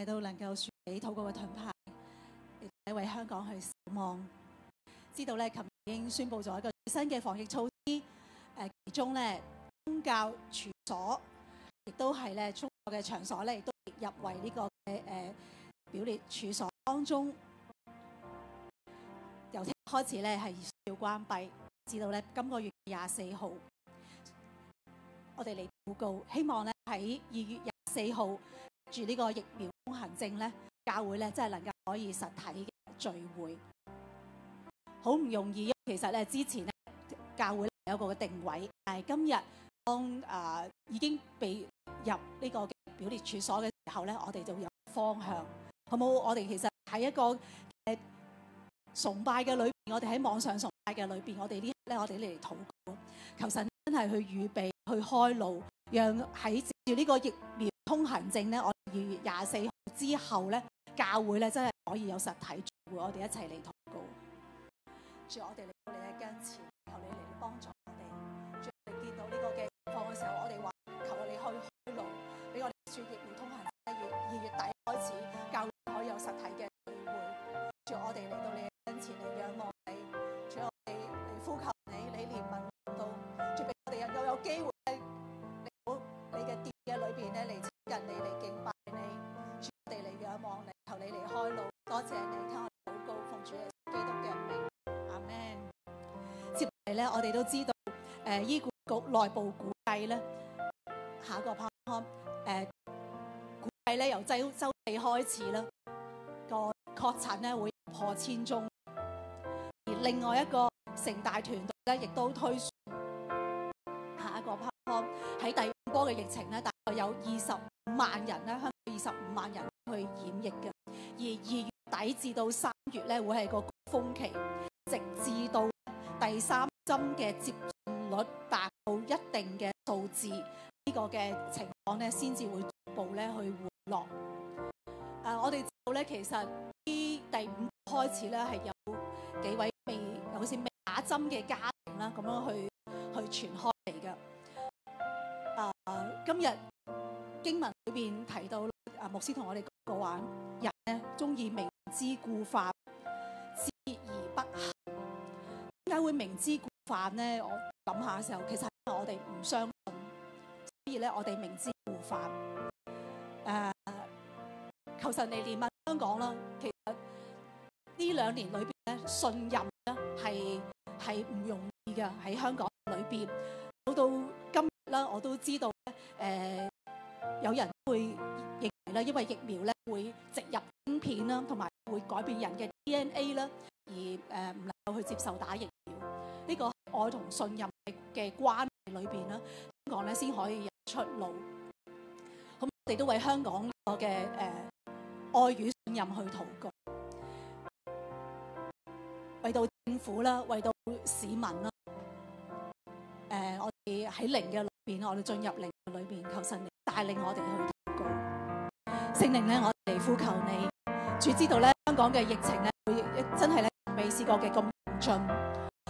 係都能夠説起吐過嘅盾牌，亦都為香港去守望。知道咧，琴日已經宣布咗一個新嘅防疫措施。誒、呃，其中咧宗教處所亦都係咧宗教嘅場所咧，亦都入為呢個誒誒、呃、表列處所當中。由天開始咧係要關閉，直到咧今個月廿四號，我哋嚟禱告，希望咧喺二月廿四號住呢個疫苗，通行證咧，教會咧真係能夠可以實體嘅聚會，好唔容易。因為其實咧之前咧，教會有一個定位，係今日當啊、呃、已經被入呢個表列處所嘅時候咧，我哋就有方向，好唔好，我哋其實喺一個誒、呃、崇拜嘅裏邊，我哋喺網上崇拜嘅裏邊，我哋呢咧，我哋嚟禱告，求神真係去預備、去開路，讓喺接住呢個疫苗通行證咧，我二月廿四號，之後咧，教會咧真係可以有實體會，我哋一齊嚟禱告。主，我哋嚟到你嘅跟前，求你嚟幫助我哋。主，我哋見到呢個嘅情況嘅時候，我哋話求你開開路，俾我哋穿越，唔通行。二月二月底開始教。係咧，我哋都知道，誒醫管局內部估計咧，下一個 peak 誒估計咧由週週四開始啦，個確診咧會破千宗；而另外一個成大團隊咧，亦都推算下一個 peak 喺第五波嘅疫情咧，大概有二十五萬人咧，香港二十五萬人去染疫嘅。而二月底至到三月咧，會係個高峯期，直至到第三。針嘅接種率達到一定嘅數字，呢、這個嘅情況咧，先至會逐步咧去回落。誒、啊，我哋知道咧，其實呢，第五開始咧係有幾位未好似未打針嘅家庭啦，咁樣去去傳開嚟嘅。誒、啊，今日經文裏邊提到，誒牧師同我哋講過話，人咧鍾意明知故犯，知而不行，點解會明知？犯咧，我諗下嘅時候，其實係我哋唔相信，所以咧我哋明知故犯。誒、呃，求神你憐憫香港啦。其實呢兩年裏邊咧，信任咧係係唔容易嘅喺香港裏邊。到到今日啦，我都知道誒、呃、有人會認為咧，因為疫苗咧會植入芯片啦，同埋會改變人嘅 DNA 啦，而誒唔能夠去接受打疫苗。呢個愛同信任嘅嘅關裏邊啦，香港咧先可以有出路。咁、嗯、我哋都為香港個嘅誒愛與信任去禱告，為到政府啦，為到市民啦。誒、呃，我哋喺靈嘅裏邊，我哋進入靈嘅裏邊，求神你帶領我哋去禱告。聖靈咧，我哋呼求你，主知道咧，香港嘅疫情咧，真係咧未試過嘅咁嚴峻。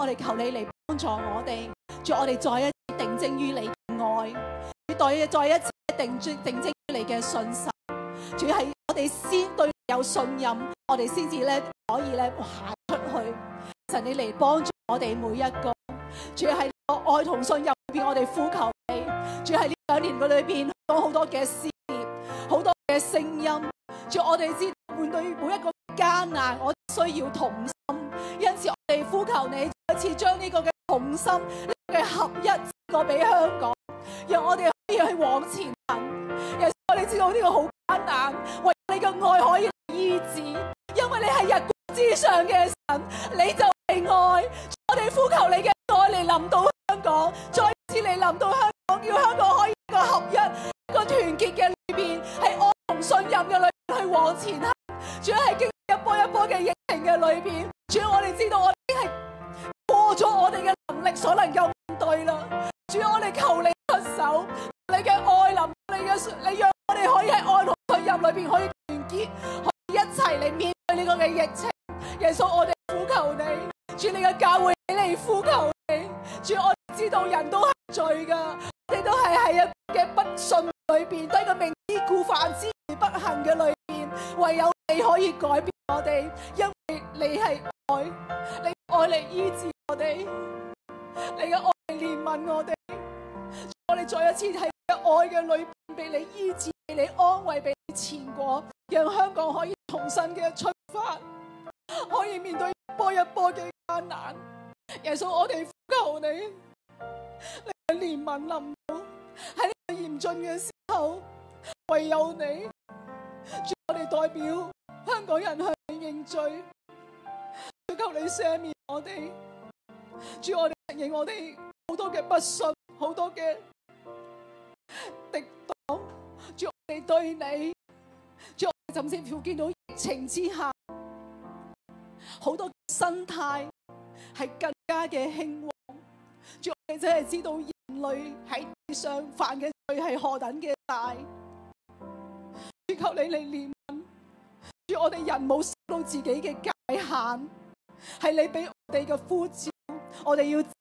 我哋求你嚟幫助我哋，主我哋再一次定睛於你嘅愛，對再一次定定睛於你嘅信心，主要係我哋先對你有信任，我哋先至咧可以咧行出去。神你嚟幫助我哋每一個，主要係我愛同信任，邊我哋呼求你。主要係呢兩年裏邊講好多嘅思念，好多嘅聲音。主要我哋知道面對每一個艱難，我需要同心，因此。地呼求你再次將呢個嘅同心呢嘅合一過俾香港，讓我哋可以去往前行。讓我哋知道呢個好艱難，唯你嘅愛可以醫治，因為你係日光之上嘅神，你就係愛。我哋呼求你嘅愛嚟臨到香港，再次嚟臨到香港，叫香港開一個合一、一個團結嘅裏邊，係愛同信任嘅裏邊去往前行。主要係經一波一波嘅疫情嘅裏邊，主要我哋知道我。所能夠面對啦，主要我哋求你出手，你嘅愛臨，你嘅你讓我哋可以喺愛去入裏邊可以團結，可以一齊嚟面對呢個嘅疫情。耶穌，我哋苦求，求你，主你嘅教會嚟呼求，求你，主要我哋知道人都係罪噶，你都係喺一嘅不信裏邊，喺個明知故犯之不幸嘅裏邊，唯有你可以改變我哋，因為你係愛，你愛嚟醫治我哋。你嘅愛的憐憫我哋，我哋再一次喺愛嘅裏面俾你醫治，俾你安慰，俾你前過，讓香港可以重新嘅出發，可以面對一波一波嘅艱難，難。耶穌，我哋求你，你嘅憐憫臨到喺呢個嚴峻嘅時候，唯有你，我哋代表香港人向你認罪，求你赦免我哋，主我哋。承認我哋好多嘅不信，好多嘅敵黨，將你對你，將甚至乎見到疫情之下，好多心態係更加嘅興旺。將你真係知道人類喺地上犯嘅罪係何等嘅大，主求你嚟憐憫，主我哋人冇到自己嘅界限，係你俾我哋嘅呼召，我哋要。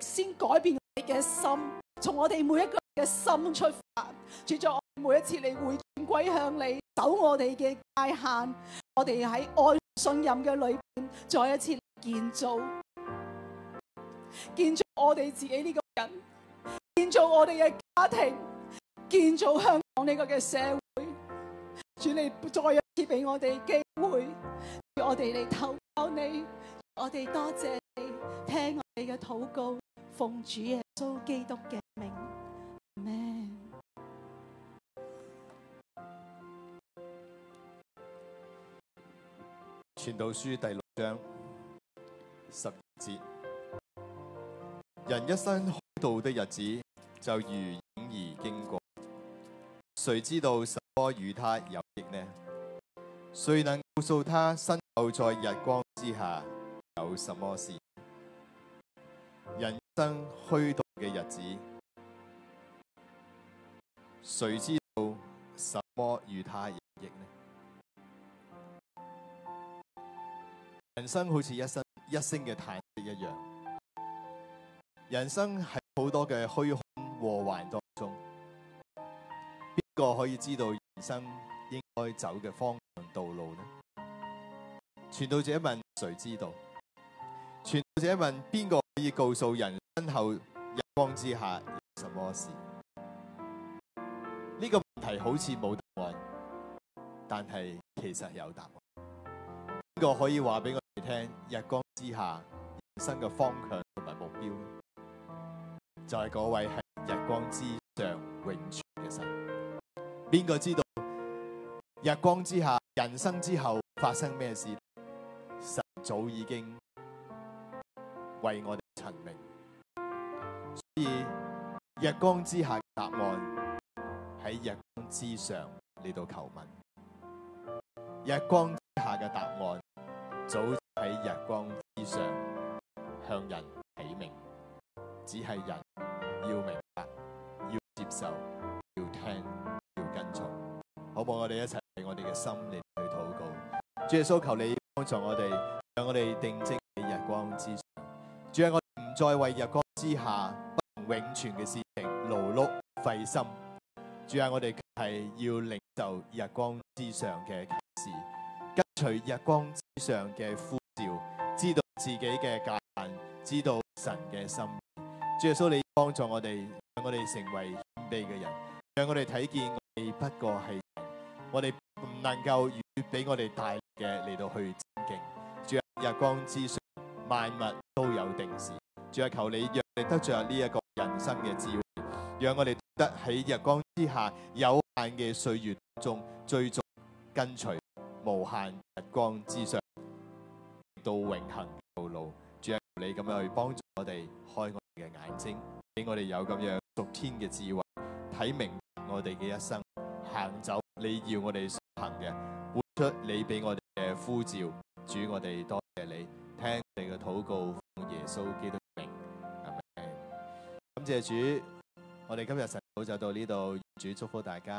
先改變你嘅心，從我哋每一個人嘅心出發，主在，我每一次嚟回轉歸向你，走我哋嘅界限，我哋喺愛信任嘅裏面再一次建造，建造我哋自己呢個人，建造我哋嘅家庭，建造香港呢個嘅社會。主要你再一次俾我哋機會，要我哋嚟投靠你，我哋多謝你聽我哋嘅禱告。奉主耶穌基督嘅名，咩？《傳道書》第六章十節：人一生虛度的日子就如影而經過，誰知道什麼與他有益呢？誰能告訴他身後在日光之下有什麼事？人生虛度嘅日子，誰知道什麼與他有益呢？人生好似一聲一聲嘅嘆息一樣，人生喺好多嘅虛空和幻，當中邊個可以知道人生應該走嘅方向道路呢？傳道者問：誰知道？傳道者問：邊個可以告訴人？身後日光之下有什麼事？呢、這個問題好似冇答案，但係其實有答案。邊個可以話俾我哋聽？日光之下，人生嘅方向同埋目標，就係、是、嗰位喺日光之上永存嘅神。邊個知道？日光之下，人生之後發生咩事？神早已經為我哋陳明。所以，日光之下嘅答案喺日光之上嚟到求問，日光之下嘅答案早喺日光之上向人起名，只係人要明白、要接受、要聽、要跟從，好唔好？我哋一齊喺我哋嘅心嚟去禱告，主耶穌求你幫助我哋，向我哋定睛喺日光之上，主啊，我哋唔再為日光之下。永存嘅事情，勞碌費心。主啊，我哋係要領受日光之上嘅啟示，跟隨日光之上嘅呼召，知道自己嘅界限，知道神嘅心。主耶穌，你幫助我哋，讓我哋成為謙卑嘅人，讓我哋睇見我哋不過係人，我哋唔能夠越俾我哋大嘅嚟到去尊敬。主啊，日光之上，萬物都有定時。主啊，求你讓你得着呢一個。人生嘅智慧，讓我哋得喺日光之下有限嘅歲月中，追逐跟隨無限日光之上到永恆嘅道路。主啊，你咁樣去幫助我哋開我哋嘅眼睛，俾我哋有咁樣屬天嘅智慧，睇明我哋嘅一生行走，走。你要我哋行嘅，活出你俾我哋嘅呼召。主，我哋多謝你，聽你嘅禱告。耶穌基督。謝謝主，我哋今日晨早就到呢度，主祝福大家。